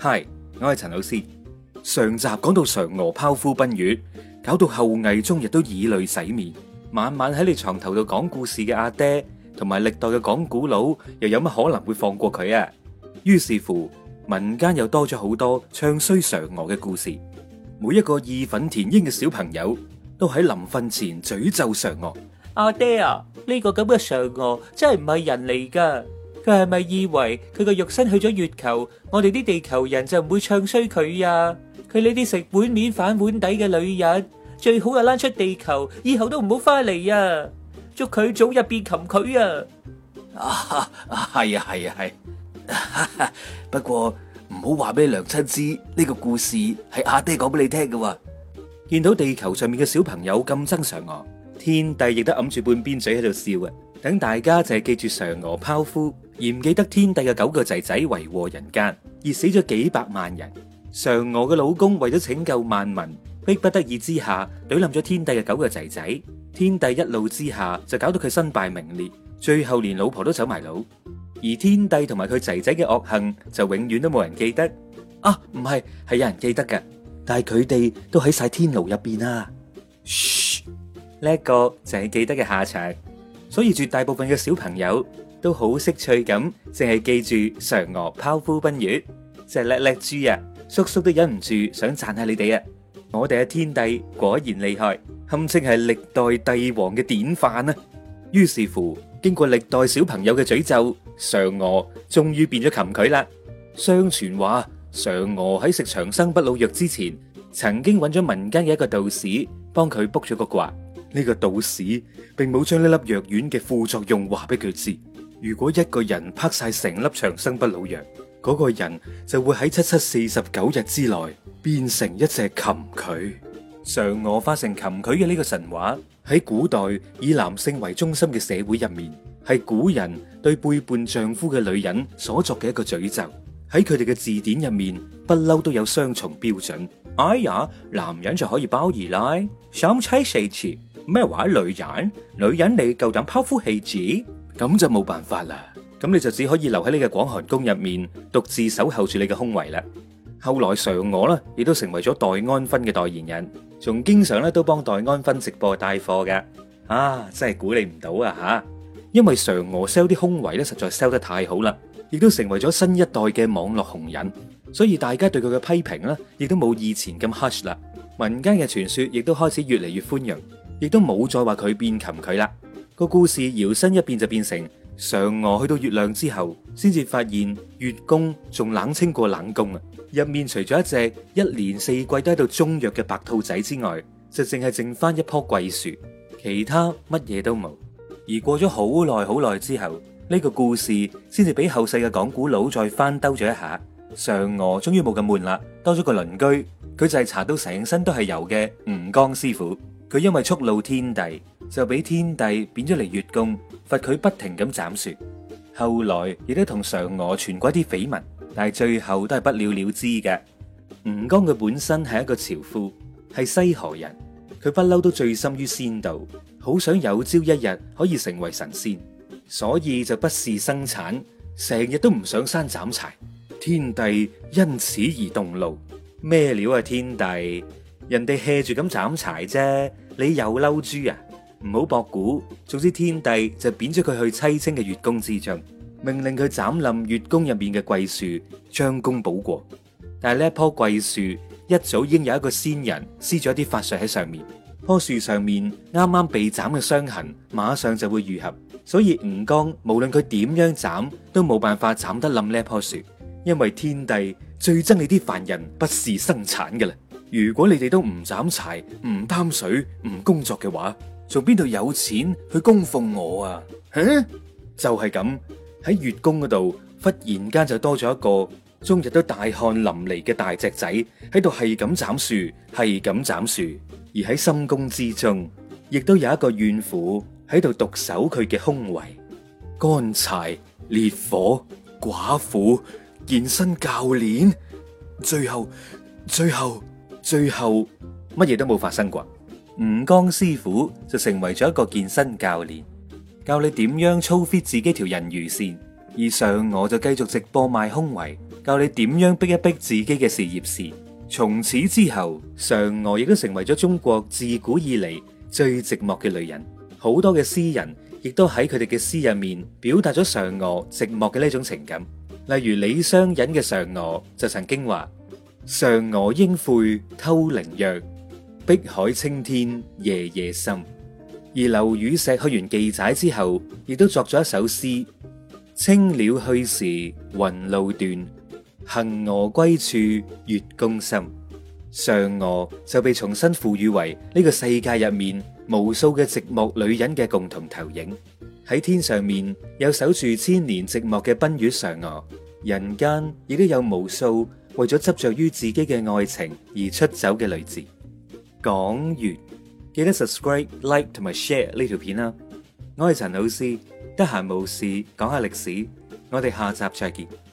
係，Hi, 我係陳老師。上集講到嫦娥拋夫奔月，搞到後羿終日都以淚洗面。晚晚喺你床頭度講故事嘅阿爹，同埋歷代嘅講古佬，又有乜可能會放過佢啊？於是乎，民間又多咗好多唱衰嫦娥嘅故事。每一個義憤填膺嘅小朋友，都喺臨瞓前詛咒嫦娥。阿、啊、爹啊，呢、這個咁嘅嫦娥真係唔係人嚟㗎。佢係咪以為佢個肉身去咗月球，我哋啲地球人就唔會唱衰佢啊？佢呢啲食碗面反碗底嘅女人，最好啊甩出地球，以後都唔好翻嚟啊！祝佢早日變蟾蜍啊！啊，係啊，係啊，係、啊！啊啊啊啊、不過唔好話俾娘親知呢個故事係阿爹講俾你聽嘅。見到地球上面嘅小朋友咁正常，我天帝亦都揞住半邊嘴喺度笑啊。等大家就係記住嫦娥拋夫，而唔記得天帝嘅九個仔仔為禍人間，而死咗幾百萬人。嫦娥嘅老公為咗拯救萬民，逼不得已之下，擄冧咗天帝嘅九個仔仔。天帝一怒之下，就搞到佢身敗名裂，最後連老婆都走埋佬。而天帝同埋佢仔仔嘅惡行就永遠都冇人記得。啊，唔係，係有人記得嘅，但係佢哋都喺晒天牢入邊啦。嘘，呢一個就係記得嘅下場。所以絕大部分嘅小朋友都好識趣咁，淨係記住嫦娥拋夫奔月，真係叻叻豬啊！叔叔都忍唔住想讚下你哋啊！我哋嘅天帝果然厲害，堪稱係歷代帝王嘅典範啦，啊。於是乎，經過歷代小朋友嘅詛咒，嫦娥終於變咗蟾蜍啦。相傳話，嫦娥喺食長生不老藥之前，曾經揾咗民間嘅一個道士幫佢卜咗個卦。呢個道士並冇將呢粒藥丸嘅副作用話俾佢知。如果一個人拍晒成粒長生不老藥，嗰、那個人就會喺七七四十九日之內變成一隻蠄蟝。嫦娥化成蠄蟝嘅呢個神話喺古代以男性為中心嘅社會入面，係古人對背叛丈夫嘅女人所作嘅一個詛咒。喺佢哋嘅字典入面，不嬲都有雙重標準。哎呀，男人就可以包二奶、三妻四妾。咩話，女人？女人你夠膽拋夫棄子，咁就冇辦法啦。咁你就只可以留喺你嘅廣寒宮入面，獨自守候住你嘅胸圍啦。後來嫦娥呢，亦都成為咗黛安芬嘅代言人，仲經常咧都幫黛安芬直播帶貨嘅。啊，真係估你唔到啊吓！因為嫦娥 sell 啲胸圍咧實在 sell 得太好啦，亦都成為咗新一代嘅網絡紅人。所以大家對佢嘅批評呢，亦都冇以前咁 hush 啦。民間嘅傳說亦都開始越嚟越寬容。亦都冇再話佢變擒佢啦。個故事搖身一變就變成嫦娥去到月亮之後，先至發現月宮仲冷清過冷宮啊。入面除咗一隻一年四季都喺度中藥嘅白兔仔之外，就淨係剩翻一棵桂樹，其他乜嘢都冇。而過咗好耐好耐之後，呢個故事先至俾後世嘅講古佬再翻兜咗一下。嫦娥終於冇咁悶啦，多咗個鄰居。佢就係搽到成身都係油嘅吳剛師傅。佢因為觸怒天帝，就俾天帝貶咗嚟月宮，罰佢不停咁斬樹。後來亦都同嫦娥傳過一啲緋聞，但係最後都係不了了之嘅。吳剛佢本身係一個樵夫，係西河人，佢不嬲都醉心於仙道，好想有朝一日可以成為神仙，所以就不事生產，成日都唔上山斬柴。天帝因此而動怒，咩料啊，天帝！人哋借住咁斬柴啫，你又嬲豬啊？唔好博古。總之天帝就貶咗佢去淒清嘅月宮之中，命令佢斬冧月宮入面嘅桂樹，將功補過。但係呢一棵桂樹一早已經有一個仙人施咗一啲法術喺上面，棵樹上面啱啱被斬嘅傷痕馬上就會愈合，所以吳剛無論佢點樣斬都冇辦法斬得冧呢一棵樹，因為天帝最憎你啲凡人不事生產噶啦。如果你哋都唔斬柴、唔擔水、唔工作嘅話，仲邊度有錢去供奉我啊？吓，就係咁喺月宮嗰度，忽然間就多咗一個終日都大汗淋漓嘅大隻仔喺度，係咁斬樹，係咁斬樹，而喺深宮之中，亦都有一個怨婦喺度獨守佢嘅胸圍，乾柴烈火寡婦健身教練，最後最後。最後乜嘢都冇發生過，吳剛師傅就成為咗一個健身教練，教你點樣操 fit 自己條人魚線；而嫦娥就繼續直播賣胸圍，教你點樣逼一逼自己嘅事業線。從此之後，嫦娥亦都成為咗中國自古以嚟最寂寞嘅女人。好多嘅詩人亦都喺佢哋嘅詩入面表達咗嫦娥寂寞嘅呢種情感。例如李商隱嘅嫦娥就曾經話。嫦娥應悔偷靈藥，碧海青天夜夜心。而劉禹錫去完記載之後，亦都作咗一首詩：青鳥去時雲路斷，行娥歸處月宮深。」嫦娥就被重新賦予為呢個世界入面無數嘅寂寞女人嘅共同投影。喺天上面有守住千年寂寞嘅奔月嫦娥，人間亦都有無數。為咗執着於自己嘅愛情而出走嘅女子。講完記得 subscribe、like 同埋 share 呢條片啦。我係陳老師，得閒無事講下歷史，我哋下集再見。